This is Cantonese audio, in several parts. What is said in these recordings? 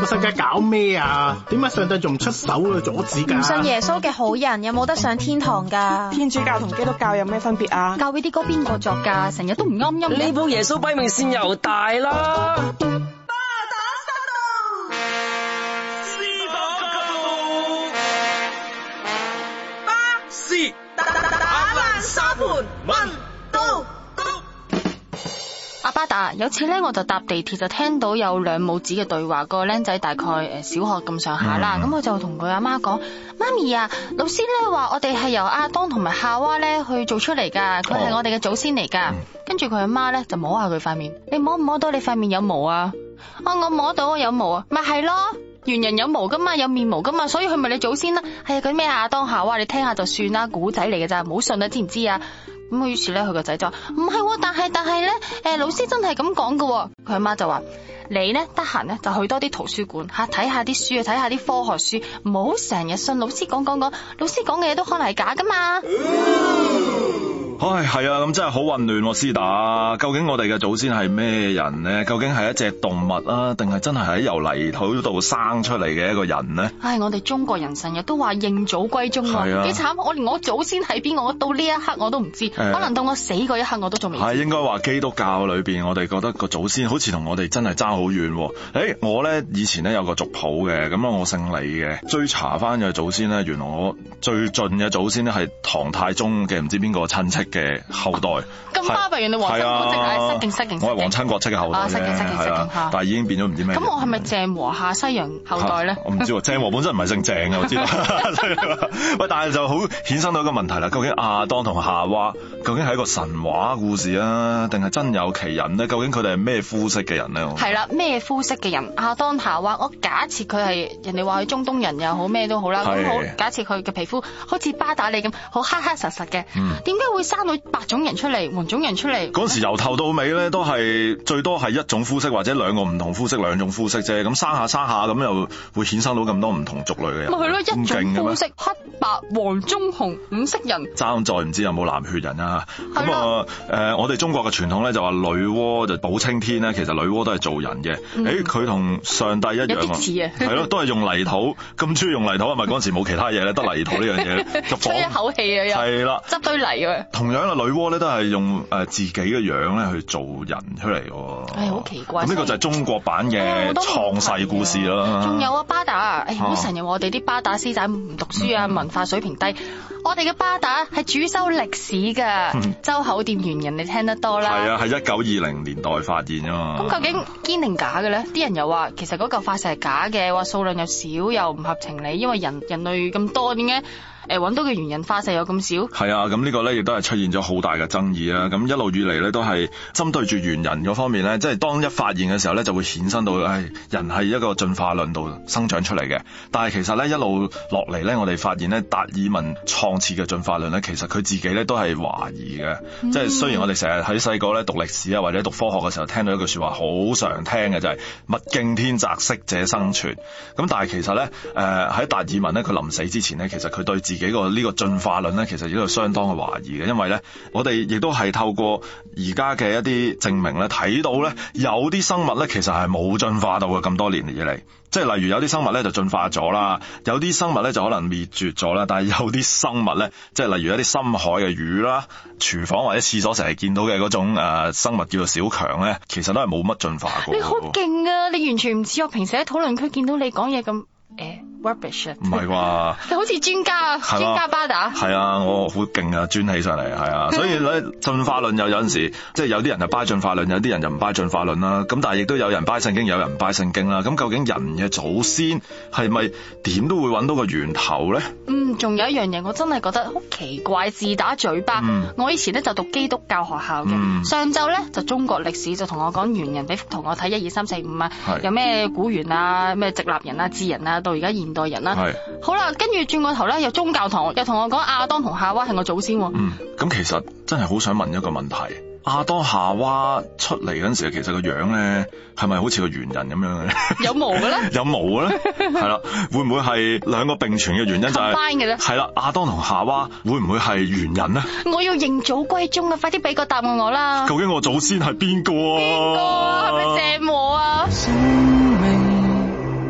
個世界搞咩啊？點解上帝仲唔出手去阻止噶？唔信耶穌嘅好人有冇得上天堂噶？天主教同基督教有咩分別啊？教會啲歌邊個作噶？成日都唔啱音。呢部耶穌擺明線又大啦。有次咧，我就搭地鐵就聽到有兩母子嘅對話，個僆仔大概誒小學咁上下啦，咁、mm hmm. 我就同佢阿媽講：媽咪啊，老師咧話我哋係由亞當同埋夏娃咧去做出嚟㗎，佢係我哋嘅祖先嚟㗎。跟住佢阿媽咧就摸下佢塊面，你摸唔摸到你塊面有毛啊？哦、啊，我摸到我有毛啊，咪係咯。就是猿人有毛噶嘛，有面毛噶嘛，所以佢咪你祖先啦。係、哎、啊，佢咩啊當下，哇，你聽下就算啦，古仔嚟嘅咋，唔好信啦，知唔知啊？咁啊，於是咧，佢個仔就話唔係，但係但係咧，誒、呃，老師真係咁講噶喎。佢阿媽就話，你咧得閒咧就去多啲圖書館吓，睇下啲書啊，睇下啲科學書，唔好成日信老師講講講，老師講嘅嘢都可能係假噶嘛。嗯唉，係、哎、啊，咁真係好混亂、啊，師弟。究竟我哋嘅祖先係咩人呢？究竟係一隻動物啊，定係真係喺由泥土度生出嚟嘅一個人呢？唉、哎，我哋中國人成日都話認祖歸宗、啊，幾、啊、慘！我連我祖先係邊個，我到呢一刻我都唔知。哎、可能到我死嗰一刻我都仲未。係、啊、應該話基督教裏邊，我哋覺得個祖先好似同我哋真係爭好遠、啊。誒、哎，我咧以前咧有個族譜嘅，咁我姓李嘅，追查翻嘅祖先咧，原來我最近嘅祖先咧係唐太宗嘅唔知邊個親戚。嘅後代，咁巴閉，原來你皇親國戚啊，失敬失敬，我係皇親國戚嘅後代，但係已經變咗唔知咩。咁我係咪鄭和下西洋後代咧？我唔知喎，鄭和本身唔係姓鄭嘅，我知道。喂，但係就好衍生到一個問題啦，究竟亞當同夏娃究竟係一個神話故事啊，定係真有其人呢？究竟佢哋係咩膚色嘅人呢？係啦，咩膚色嘅人？亞當夏娃，我假設佢係人哋話佢中東人又好咩都好啦，咁好假設佢嘅皮膚好似巴打你咁，好黑黑實實嘅，點解會生到白種人出嚟，黃種人出嚟。嗰時由頭到尾咧，都係、嗯、最多係一種膚色，或者兩個唔同膚色，兩種膚色啫。咁生下生下咁又會衍生到咁多唔同族類嘅人。咪係咯，一種色，黑白黃棕紅、紅五色人。爭在唔知有冇藍血人啊？咁啊誒，我哋中國嘅傳統咧就話女媧就補青天咧。其實女媧都係做人嘅。誒， 佢同上帝一樣啊。有啲似啊。係 咯，都係用泥土。咁中意用泥土係咪嗰陣時冇其他嘢咧？得泥土呢樣嘢。吸一 放口氣啊！係啦。執堆 泥啊。同。同樣啊，女媧咧都係用誒自己嘅樣咧去做人出嚟喎。係好、哎、奇怪。呢個就係中國版嘅創世故事咯。仲、哦、有啊巴打啊，好成日話我哋啲巴打師仔唔讀書啊，嗯、文化水平低。我哋嘅巴打係主修歷史嘅，周、嗯、口店猿人你聽得多啦。係啊，係一九二零年代發現啊嘛。咁、嗯、究竟堅定假嘅咧？啲人又話其實嗰嚿化石係假嘅，話數量又少又唔合情理，因為人人類咁多點解？誒揾到嘅猿人化石有咁少，係啊，咁呢個咧亦都係出現咗好大嘅爭議啦。咁一路以嚟咧都係針對住猿人嗰方面咧，即係當一發現嘅時候咧，就會衍生到誒人係一個進化論度生長出嚟嘅。但係其實咧一路落嚟咧，我哋發現咧達爾文創設嘅進化論咧，其實佢自己咧都係懷疑嘅。嗯、即係雖然我哋成日喺細個咧讀歷史啊，或者讀科學嘅時候聽到一句説話好常聽嘅就係、是、物競天擇，適者生存。咁但係其實咧誒喺達爾文咧佢臨死之前咧，其實佢對自己幾個進呢個進化論咧，其實亦都相當嘅懷疑嘅，因為咧，我哋亦都係透過而家嘅一啲證明咧，睇到咧有啲生物咧，其實係冇進化到嘅，咁多年以嚟，即係例如有啲生物咧就進化咗啦，有啲生物咧就可能滅絕咗啦，但係有啲生物咧，即係例如一啲深海嘅魚啦，廚房或者廁所成日見到嘅嗰種誒、呃、生物叫做小強咧，其實都係冇乜進化過。你好勁啊！你完全唔似我平時喺討論區見到你講嘢咁誒。欸唔係啩？ 好似專家啊，專家巴打。係啊，我好勁啊，轉起上嚟係啊，所以咧進 化論又有陣時，即係有啲人就拜進化論，有啲人就唔拜進化論啦。咁但係亦都有人拜聖經，有人唔拜聖經啦。咁究竟人嘅祖先係咪點都會揾到個源頭咧？嗯，仲有一樣嘢我真係覺得好奇怪，自打嘴巴。嗯、我以前咧就讀基督教學校嘅，嗯、上晝咧就中國歷史就同我講猿人俾同我睇，一二三四五啊，是有咩古猿啊，咩直立人啊、智人啊，到而家代人啦，係是好啦，跟住轉個頭咧，又宗教堂又同我講亞當同夏娃係我祖先，哦。嗯，咁其實真係好想問一個問題，亞當夏娃出嚟嗰陣時，其實個樣咧，係咪好似個猿人咁樣咧？有毛嘅咧？ 有毛嘅咧？係啦， 會唔會係兩個並存嘅原因就係？係啦，亞當同夏娃會唔會係猿人咧？我要認祖歸宗啊！快啲俾個答案我啦！究竟我祖先係邊個？邊個？係咪謝摩啊？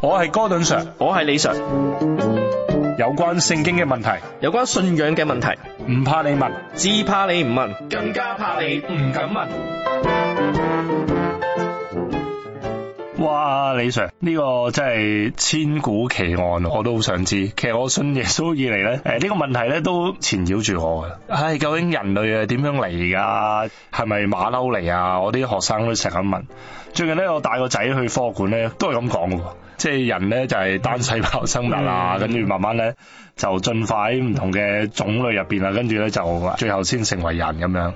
我係 Gordon Sir，我係李 Sir。有關聖經嘅問題，有關信仰嘅問題，唔怕你問，只怕你唔問，更加怕你唔敢問。哇，李 Sir 呢個真係千古奇案，我都好想知。其實我信耶穌以嚟咧，誒、這、呢個問題咧都纏繞住我嘅。唉、哎，究竟人類係點樣嚟噶？係咪馬騮嚟啊？我啲學生都成日咁問。最近咧，我帶個仔去科學館咧，都係咁講嘅。即係人咧就係單細胞生物啊，跟住、嗯、慢慢咧就進化喺唔同嘅種類入邊啊，跟住咧就最後先成為人咁樣。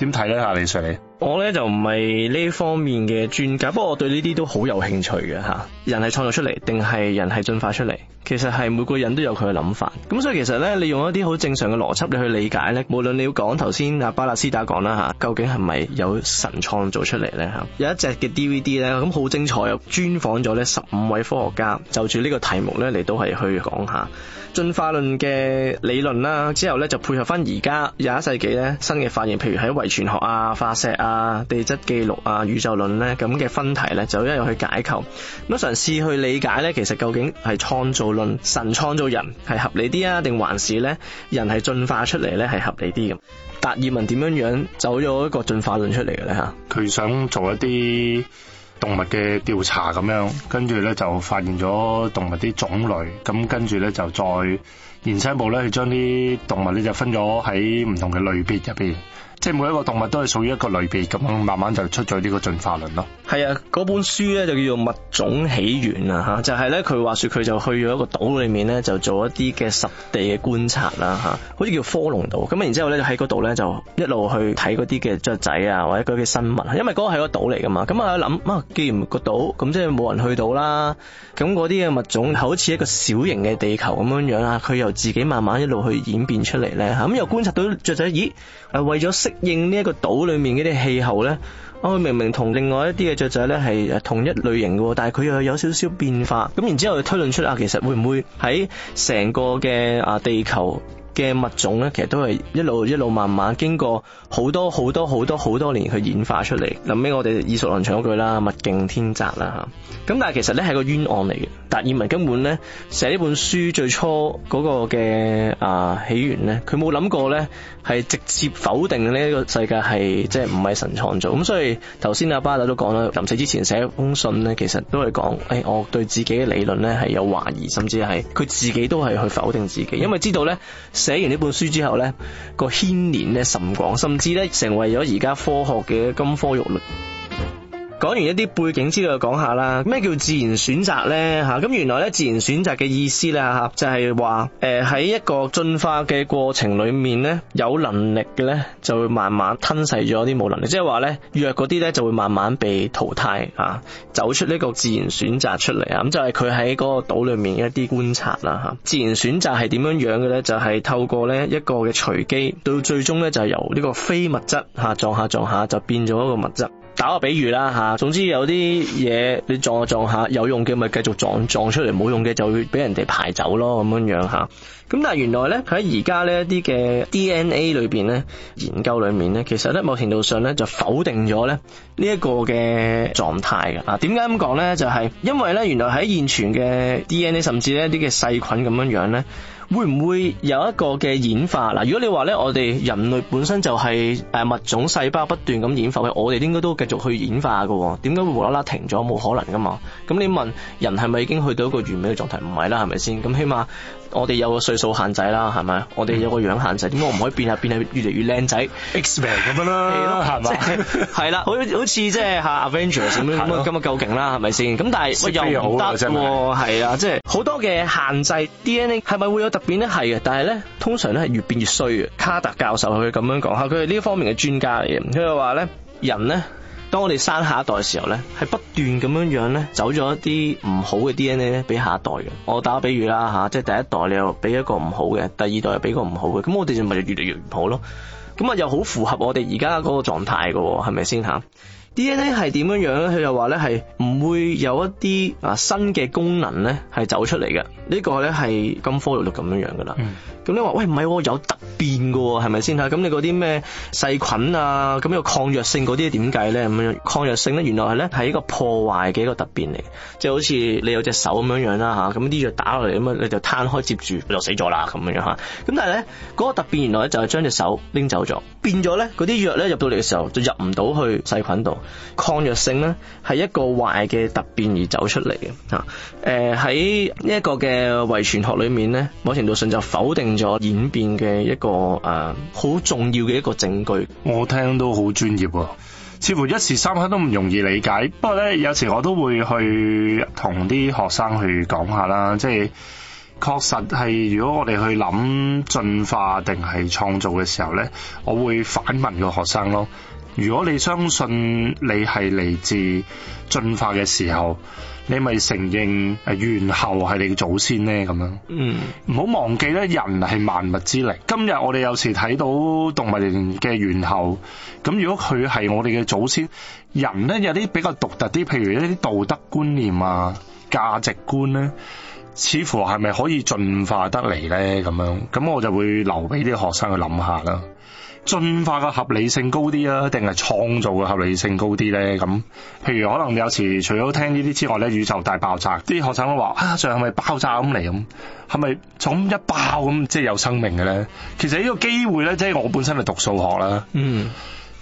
點睇咧？吓，李 Sir 你？我咧就唔係呢方面嘅專家，不過我對呢啲都好有興趣嘅吓。人係創造出嚟定係人係進化出嚟？其實係每個人都有佢嘅諗法。咁所以其實咧，你用一啲好正常嘅邏輯，你去理解咧，無論你要講頭先啊巴勒斯坦講啦吓，究竟係咪有神創造出嚟咧吓？有一隻嘅 DVD 咧，咁好精彩，專訪咗呢十五位科學家，就住呢個題目咧嚟到係去講下進化論嘅理論啦。之後咧就配合翻而家廿一世紀咧新嘅發現，譬如喺遺傳學啊、化石啊。啊，地質記錄啊，宇宙論咧咁嘅分題咧，就一樣去解構，咁嘗試去理解咧，其實究竟係創造論，神創造人係合理啲啊，定還是咧人係進化出嚟咧係合理啲咁？達爾文點樣樣走咗一個進化論出嚟嘅咧嚇？佢想做一啲動物嘅調查咁樣，跟住咧就發現咗動物啲種類，咁跟住咧就再延伸一步咧去將啲動物咧就分咗喺唔同嘅類別入邊。即係每一個動物都係屬於一個類別咁樣，慢慢就出咗呢個進化論咯。係啊，嗰本書咧就叫做《物種起源》啊，吓就係咧，佢話說佢就去咗一個島裏面咧，就做一啲嘅實地嘅觀察啦，吓，好似叫科隆島。咁然之後咧喺嗰度咧就一路去睇嗰啲嘅雀仔啊，或者佢嘅生物，因為嗰個係個島嚟噶嘛。咁啊諗啊，既然個島咁即係冇人去到啦，咁嗰啲嘅物種好似一個小型嘅地球咁樣樣啊，佢又自己慢慢一路去演變出嚟咧，吓咁又觀察到雀仔，咦，係、啊、為咗適應呢一個島裏面嗰啲氣候咧，佢，明明同另外一啲嘅雀仔咧係同一類型嘅，但係佢又有少少變化。咁然之後我推論出啊，其實會唔會喺成個嘅啊地球？嘅物種咧，其實都係一路一路慢慢經過好多好多好多好多年去演化出嚟。臨尾我哋耳熟能詳嗰句啦，物競天擇啦嚇。咁但係其實咧係個冤案嚟嘅。達爾文根本咧寫呢本書最初嗰個嘅啊起源咧，佢冇諗過咧係直接否定呢個世界係即係唔係神創造。咁所以頭先阿巴打都講啦，臨死之前寫一封信咧，其實都係講誒我對自己嘅理論咧係有懷疑，甚至係佢自己都係去否定自己，因為知道咧。寫完呢本書之後咧，個牽連咧甚廣，甚至咧成為咗而家科學嘅金科玉律。講完一啲背景之類，講下啦。咩叫自然選擇呢？吓，咁原來呢，自然選擇嘅意思呢，吓，就係話誒喺一個進化嘅過程裏面呢，有能力嘅呢就會慢慢吞噬咗啲冇能力，即係話呢，弱嗰啲呢就會慢慢被淘汰啊，走出呢個自然選擇出嚟啊。咁就係佢喺嗰個島裏面一啲觀察啦吓。自然選擇係點樣樣嘅呢？就係透過呢一個嘅隨機，到最終呢，就係由呢個非物質吓撞下撞下就變咗一個物質。打個比喻啦嚇，總之有啲嘢你撞一撞一下撞下，有用嘅咪繼續撞撞出嚟，冇用嘅就會俾人哋排走咯，咁樣樣嚇。咁但係原來咧佢喺而家呢一啲嘅 DNA 裏邊咧研究裏面咧，其實咧某程度上咧就否定咗咧呢一個嘅狀態㗎。啊，點解咁講咧？就係因為咧原來喺現存嘅 DNA 甚至呢一啲嘅細菌咁樣樣咧，會唔會有一個嘅演化嗱？如果你話咧我哋人類本身就係誒物種細胞不斷咁演化嘅，我哋應該都嘅。繼續去演化嘅，點解會無啦啦停咗？冇可能噶嘛！咁你問人係咪已經去到一個完美嘅狀態？唔係啦，係咪先？咁起碼我哋有個歲數限制啦，係咪？我哋有個樣限制，點解我唔可以變下變下越嚟越靚仔 X-Men 咁樣啦？係嘛、嗯？係啦吧， 好好似即係嚇 Avengers 咁樣咁啊夠勁啦，係咪先？咁但係喂又唔得係啊，即係好多嘅限制 DNA 係咪會有特變咧？係嘅，但係咧通常咧係越變越衰。卡特教授佢咁樣講下，佢係呢方面嘅專家嚟嘅。佢就話咧人咧。人呢當我哋生下一代嘅時候咧，係不斷咁樣樣咧，走咗一啲唔好嘅 DNA 咧，俾下一代嘅。我打個比喻啦吓，啊，即係第一代你又俾一個唔好嘅，第二代又俾個唔好嘅，咁我哋就咪越嚟越唔好咯。咁啊又好符合我哋而家嗰個狀態噶，係咪先吓？DNA 係點樣樣咧？佢又話咧係唔會有一啲啊新嘅功能咧係走出嚟嘅，呢、這個咧係金科玉律咁樣樣噶啦。咁、嗯嗯、你話喂唔係、啊，有突變噶喎，係咪先吓？咁你嗰啲咩細菌啊，咁有抗藥性嗰啲點計咧咁樣？抗藥性咧，原來係咧係一個破壞嘅一個突變嚟，即係好似你有隻手咁樣樣啦吓，咁啲藥打落嚟咁啊，你就攤開接住就死咗啦咁樣樣吓。咁、啊、但係咧嗰個突變原來咧就係將隻手拎走咗。變咗咧，嗰啲藥咧入到嚟嘅時候就入唔到去細菌度，抗藥性咧係一個壞嘅突變而走出嚟嘅吓。誒喺呢一個嘅遺傳學裏面咧，某程度上就否定咗演變嘅一個誒好，呃，重要嘅一個證據。我聽都好專業啊，似乎一時三刻都唔容易理解。不過咧有時我都會去同啲學生去講下啦，即係。確實係，如果我哋去諗進化定係創造嘅時候呢，我會反問個學生咯。如果你相信你係嚟自進化嘅時候，你咪承認猿猴係你嘅祖先呢？咁樣。嗯。唔好忘記咧，人係萬物之靈。今日我哋有時睇到動物園嘅猿猴，咁如果佢係我哋嘅祖先，人呢有啲比較獨特啲，譬如一啲道德觀念啊、價值觀呢。似乎係咪可以進化得嚟呢？咁樣，咁我就會留俾啲學生去諗下啦。進化嘅合理性高啲啊，定係創造嘅合理性高啲呢？咁譬如可能有時除咗聽呢啲之外呢，宇宙大爆炸，啲學生都話啊，仲係咪爆炸咁嚟咁？係咪就咁一爆咁即係有生命嘅呢？其實呢個機會呢，即係我本身係讀數學啦。嗯。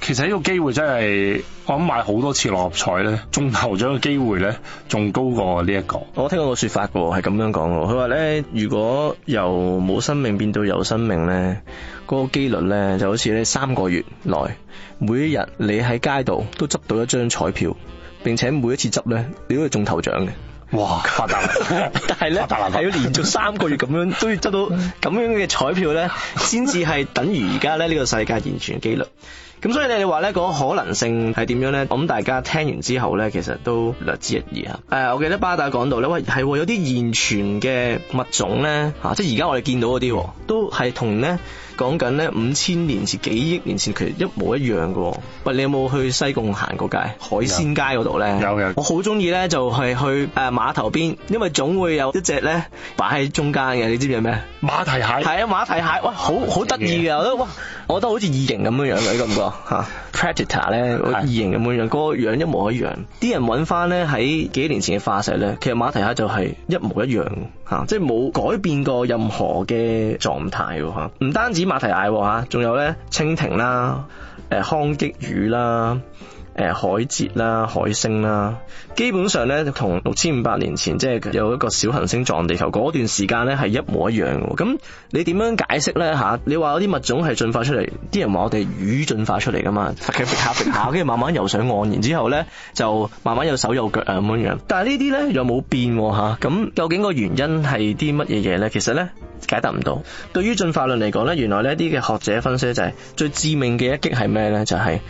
其實呢個機會真係我諗買好多次六合彩咧，中頭獎嘅機會咧仲高過呢一個。我聽過個說法嘅，係咁樣講嘅。佢話咧，如果由冇生命變到有生命咧，嗰個機率咧就好似咧三個月內每一日你喺街度都執到一張彩票，並且每一次執咧你都會中頭獎嘅。哇！發達， 但係咧係要連續三個月咁樣 都要執到咁樣嘅彩票咧，先至係等於而家咧呢個世界完全嘅機率。咁所以你哋話咧，嗰個可能性係點樣咧？咁大家聽完之後咧，其實都略知一二啊。誒、呃，我記得巴打講到咧，喂，係會有啲現存嘅物種咧，吓、啊，即係而家我哋見到嗰啲，都係同咧。講緊咧五千年前、幾億年前，其實一模一樣嘅。喂，你有冇去西貢行過街？海鮮街嗰度咧？有有。有的我好中意咧，就係、是、去誒碼、啊、頭邊，因為總會有一隻咧擺喺中間嘅。你知唔知係咩？馬蹄蟹。係啊，馬蹄蟹，哇，好好得意嘅，我都哇，我覺得好似異形咁樣樣，你覺唔覺？吓，Predator 咧，異形咁樣樣，個樣一模一樣。啲人揾翻咧喺幾年前嘅化石咧，其實馬蹄蟹就係一模一樣，吓、啊，即係冇改變過任何嘅狀態吓。唔、啊、單止。馬蹄蟹吓，仲有咧蜻蜓啦，誒、呃，腔棘魚啦。誒、呃、海蜇啦、海星啦，基本上咧同六千五百年前即係有一個小行星撞地球嗰段時間咧係一模一樣。咁你點樣解釋咧？吓、啊，你話有啲物種係進化出嚟，啲人話我哋魚進化出嚟噶嘛？突下突下，跟住慢慢游上岸，然之後咧就慢慢有手有腳啊咁樣樣。但係呢啲咧又冇變吓，咁、啊、究竟個原因係啲乜嘢嘢咧？其實咧解答唔到。對於進化論嚟講咧，原來咧啲嘅學者分析就係、是、最致命嘅一擊，係咩咧？就係、是、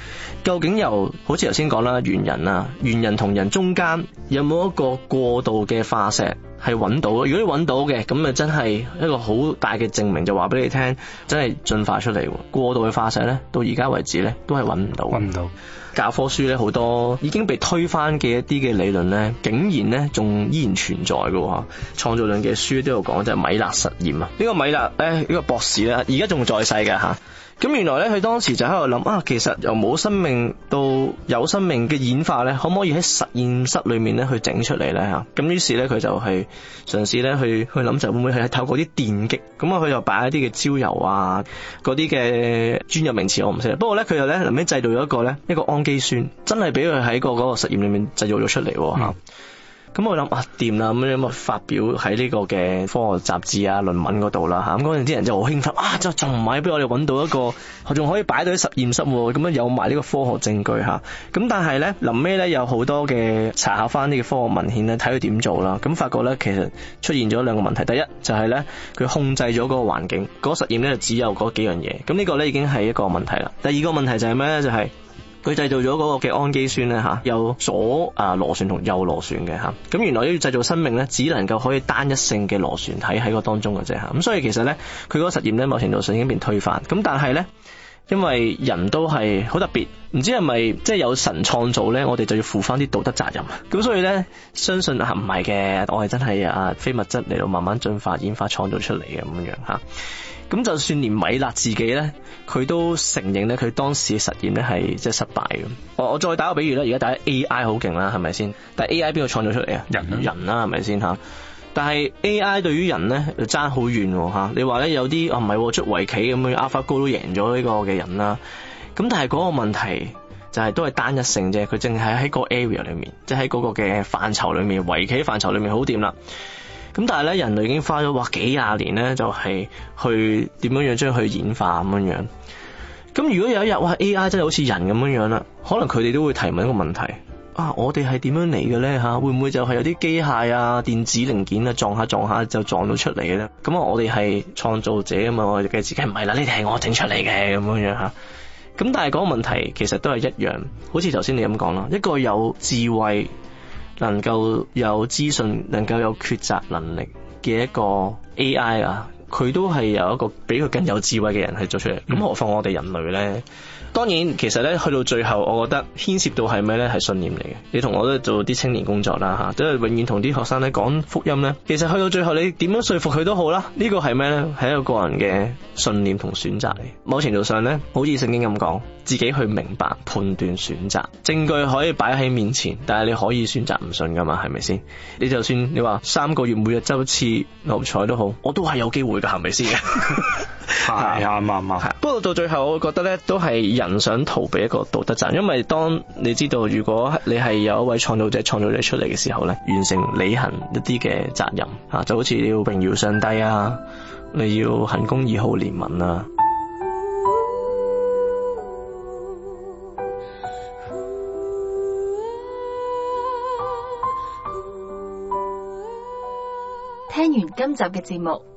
究竟由好似頭先講啦，猿人啊，猿人同人中間有冇一個過渡嘅化石係揾到嘅？如果你揾到嘅，咁啊真係一個好大嘅證明，就話俾你聽，真係進化出嚟。過渡嘅化石咧，到而家為止咧，都係揾唔到。揾唔到。教科書咧好多已經被推翻嘅一啲嘅理論咧，竟然咧仲依然存在嘅。吓、啊，創造論嘅書都有講，就係、是、米勒實驗啊。呢、這個米勒誒，呢、呃這個博士啦，而家仲在世嘅吓。啊咁原來咧，佢當時就喺度諗啊，其實由冇生命到有生命嘅演化咧，可唔可以喺實驗室裏面咧去整出嚟咧嚇？咁於是咧，佢就係嘗試咧去去諗，就會唔會係透過啲電擊？咁啊，佢又擺一啲嘅焦油啊，嗰啲嘅專有名詞我唔識，不過咧，佢又咧臨尾製造咗一個咧一個氨基酸，真係俾佢喺個嗰個實驗裏面製造咗出嚟嚇。嗯咁、嗯、我諗啊，掂啦，咁樣咁啊發表喺呢個嘅科學雜誌啊論文嗰度啦，吓咁嗰陣啲人就好興奮啊，即仲唔係俾我哋揾到一個，仲可以擺到啲實驗室喎、啊，咁、嗯、樣有埋呢個科學證據吓。咁、嗯、但係咧臨尾咧有好多嘅查下翻呢個科學文獻咧，睇佢點做啦。咁、嗯、發覺咧其實出現咗兩個問題，第一就係咧佢控制咗嗰個環境，嗰、那個、實驗咧只有嗰幾樣嘢。咁、嗯這個、呢個咧已經係一個問題啦。第二個問題就係咩咧？就係、是。佢製造咗嗰個嘅氨基酸咧嚇，有左啊螺旋同右螺旋嘅嚇，咁、啊、原來要製造生命咧，只能夠可以單一性嘅螺旋體喺個當中嘅啫嚇，咁、啊、所以其實咧，佢嗰個實驗咧，某程度上已經變推翻，咁、啊、但係咧，因為人都係好特別，唔知係咪即係有神創造咧，我哋就要負翻啲道德責任，咁、啊、所以咧，相信啊唔係嘅，我係真係啊非物質嚟到慢慢進化演化創造出嚟嘅咁樣嚇。啊。咁就算連米勒自己咧，佢都承認咧，佢當時嘅實驗咧係即係失敗嘅。我、哦、我再打個比喻啦，而家打 AI 好勁啦，係咪先？但係 AI 邊個創造出嚟啊？人啊，人啦，係咪先嚇？但係 AI 對於人咧，爭好遠喎、啊、你話咧有啲哦唔係，出圍棋咁樣 AlphaGo 都贏咗呢個嘅人啦、啊。咁但係嗰個問題就係都係單一性啫，佢淨係喺個 area 裏面，即係喺嗰個嘅範疇裏面，圍棋範疇裏面好掂啦。咁但係咧，人類已經花咗哇幾廿年咧，就係去點樣樣將佢演化咁樣樣。咁如果有一日哇 AI 真係好似人咁樣樣啦，可能佢哋都會提問一個問題啊：我哋係點樣嚟嘅咧？吓會唔會就係有啲機械啊、電子零件啊撞下撞下就撞到出嚟嘅咧？咁啊，我哋係創造者啊嘛，我哋嘅自己唔係啦，你哋係我整出嚟嘅咁樣樣吓。咁但係嗰個問題其實都係一樣，好似頭先你咁講啦，一個有智慧。能夠有資訊，能夠有抉擇能力嘅一個 AI 啊！佢都係有一個比佢更有智慧嘅人去做出嚟，咁何況我哋人類呢？當然，其實呢去到最後，我覺得牽涉到係咩呢？係信念嚟嘅。你同我都做啲青年工作啦，吓、啊，都係永遠同啲學生咧講福音呢。其實去到最後，你點樣說服佢都好啦，呢個係咩呢？係一個個人嘅信念同選擇嚟。某程度上呢，好似聖經咁講，自己去明白、判斷、選擇，證據可以擺喺面前，但係你可以選擇唔信噶嘛？係咪先？你就算你話三個月每日周次六合彩都好，我都係有機會。佢嘅行為先係，啊嘛嘛，不過到最後，我覺得咧都係人想逃避一個道德責任，因為當你知道，如果你係有一位創造者創造者出嚟嘅時候咧，完成履行一啲嘅責任啊，就好似你要榮耀上帝啊，你要行公義，好憐憫啊。聽完今集嘅節目。